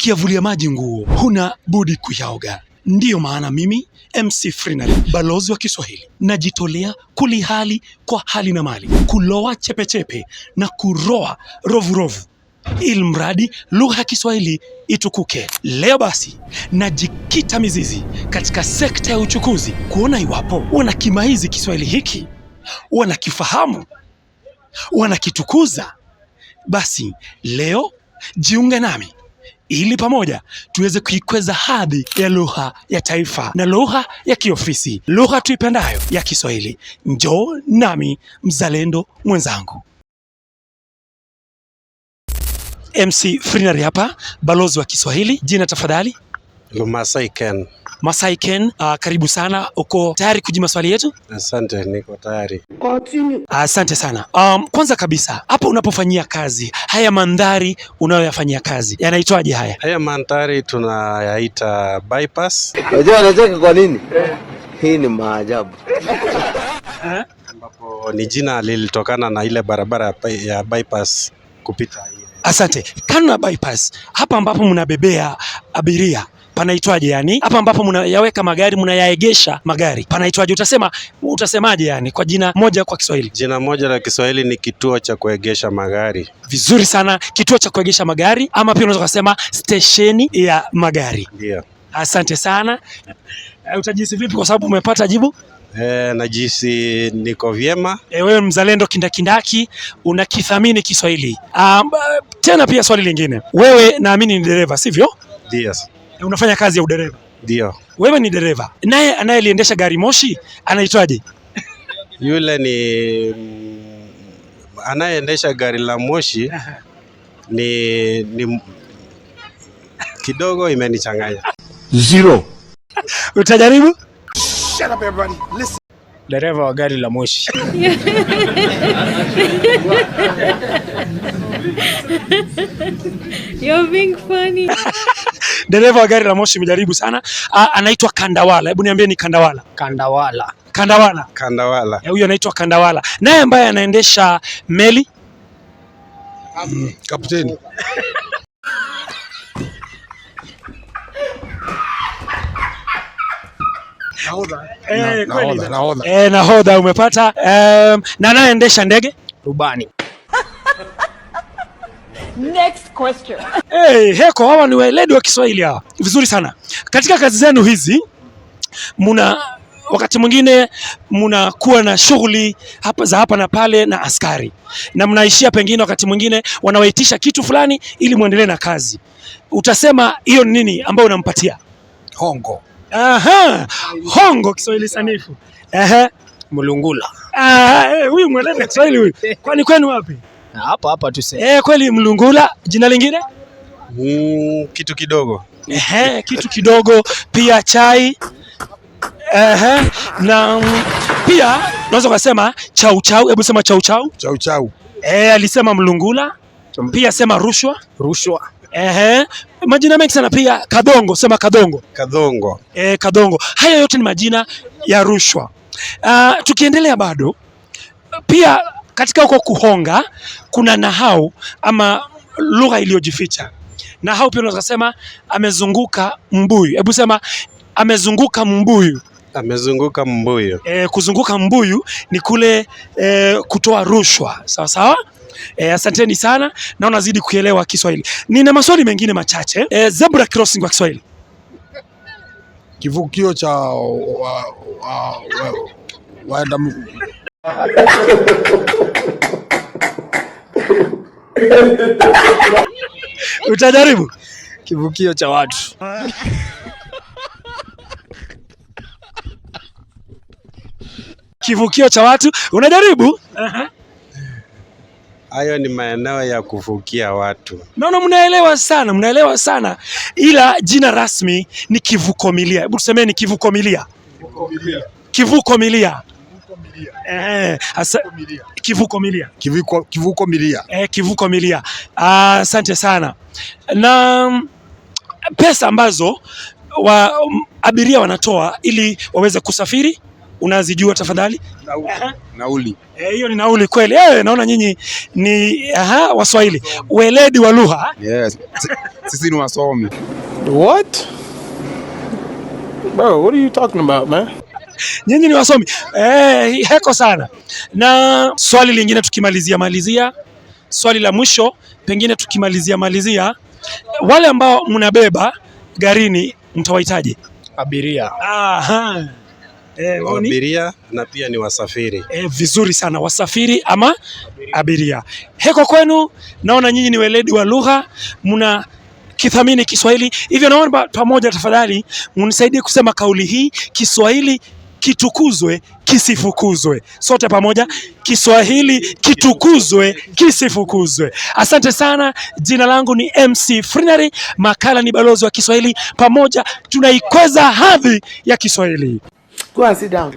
kiavulia maji nguo, huna budi kuyaoga. Ndiyo maana mimi MC Frinary, balozi wa Kiswahili, najitolea kulihali kwa hali na mali, kuloa chepechepe na kuroa rovurovu ili mradi lugha ya Kiswahili itukuke. Leo basi najikita mizizi katika sekta ya uchukuzi, kuona iwapo wanakimaizi Kiswahili hiki, wanakifahamu, wanakitukuza. Basi leo jiunge nami ili pamoja tuweze kuikweza hadhi ya lugha ya taifa na lugha ya kiofisi, lugha tuipendayo ya Kiswahili. Njoo nami mzalendo mwenzangu. MC Frinari hapa, balozi wa Kiswahili. Jina tafadhali? Lumasai Ken. Masai Ken, uh, karibu sana. Uko tayari kujibu maswali yetu? Asante, niko tayari. Continue. Asante sana. Um, kwanza kabisa hapa unapofanyia kazi haya mandhari unayoyafanyia kazi yanaitwaje haya? Haya mandhari tunayaita bypass. Unajua anacheka kwa nini? Hii ni maajabu. Eh? Ambapo ni jina lilitokana na ile barabara ya bypass kupita. Asante. Kando na bypass hapa ambapo mnabebea abiria panaitwaje yani? Hapa ambapo mnayaweka magari mnayaegesha magari panaitwaje? Utasema utasemaje yani kwa jina moja kwa Kiswahili? Jina moja la Kiswahili ni kituo cha kuegesha magari. Vizuri sana, kituo cha kuegesha magari, ama pia unaweza kusema stesheni ya magari. Ndio. Asante sana. Eh, utajihisi vipi kwa sababu umepata jibu? E, najihisi niko vyema. E, wewe mzalendo kindakindaki, unakithamini Kiswahili. Um, tena pia swali lingine, wewe naamini ni dereva, sivyo? Yes. Eh, unafanya kazi ya udereva. Ndio. Wewe ni dereva, naye anayeliendesha gari moshi anaitwaje? Yule ni mm, anayeendesha gari la moshi ni, ni kidogo imenichanganya. Zero. Utajaribu? Shut up everybody. Listen. Dereva wa gari la moshi You're being funny dereva wa gari la moshi mjaribu sana. Anaitwa Kandawala, hebu niambie ni Kandawala. Kandawala. Kandawala. Kandawala. Eh, Huyo anaitwa Kandawala, naye ambaye anaendesha meli mm, kapteni Nahodha. Eh, nahodha, Eh, nahodha umepata. Um, na anaendesha ndege rubani. Next question. Hey, heko hawa ni weledi wa Kiswahili hawa. Vizuri sana. Katika kazi zenu hizi muna wakati mwingine mnakuwa na shughuli hapa za hapa na pale na askari, na mnaishia pengine, wakati mwingine wanawaitisha kitu fulani ili muendelee na kazi. Utasema hiyo ni nini ambayo unampatia hongo? Aha, hongo Kiswahili sanifu. Aha, mulungula. Ah, eh, huyu mweleza Kiswahili huyu. Kwani kwenu wapi? Na hapa hapa tu Eh, kweli Mlungula, jina lingine? Mm, kitu kidogo. Ehe, kitu kidogo pia chai. Ehe, na pia unaweza kusema chau chau, hebu sema chau chau. Chau chau. Eh, alisema Mlungula. Pia sema rushwa. Rushwa. Ehe, majina mengi sana pia kadongo, sema kadongo. Kadongo. Eh, kadongo. Haya yote ni majina ya rushwa. Uh, tukiendelea bado pia katika huko kuhonga kuna nahau ama lugha iliyojificha. Nahau pia unaweza kusema amezunguka mbuyu. Hebu sema amezunguka mbuyu. Amezunguka mbuyu. E, kuzunguka mbuyu ni kule e, kutoa rushwa sawa sawa. E, asanteni sana, naona zidi kuelewa Kiswahili. Nina maswali mengine machache. E, zebra crossing kwa Kiswahili kivukio cha wa, wa, wa, wa, wa, Utajaribu kivukio cha watu kivukio cha watu unajaribu. Uh-huh. Hayo ni maeneo ya kuvukia watu. Naona mnaelewa sana, mnaelewa sana, ila jina rasmi ni kivuko milia. Hebu tusemeni kivuko milia, kivuko milia, kivuko milia. Eh, kivuko milia, kivuko, kivuko milia. Eh, kivuko milia. Asante ah, sana na mm, pesa ambazo wa, um, abiria wanatoa ili waweze kusafiri unazijua tafadhali? Nauli. Aha. Nauli. Eh, hiyo ni nauli kweli. Eh, naona nyinyi ni aha, Waswahili weledi wa lugha. Yes. Sisi ni wasomi. What? Bro, what are you talking about, man? nyinyi ni wasomi eh, heko sana. Na swali lingine tukimalizia malizia, swali la mwisho pengine tukimalizia malizia, wale ambao mnabeba garini mtawahitaji abiria. Aha. Eh, abiria na pia ni wasafiri eh, vizuri sana wasafiri ama abiria, abiria. Heko kwenu, naona nyinyi ni weledi wa lugha, mna kithamini Kiswahili hivyo, naomba pamoja tafadhali munisaidie kusema kauli hii Kiswahili kitukuzwe kisifukuzwe. Sote pamoja, Kiswahili kitukuzwe kisifukuzwe. Asante sana. Jina langu ni MC Frinary, makala ni balozi wa Kiswahili. Pamoja tunaikweza hadhi ya Kiswahili. Go and sit down.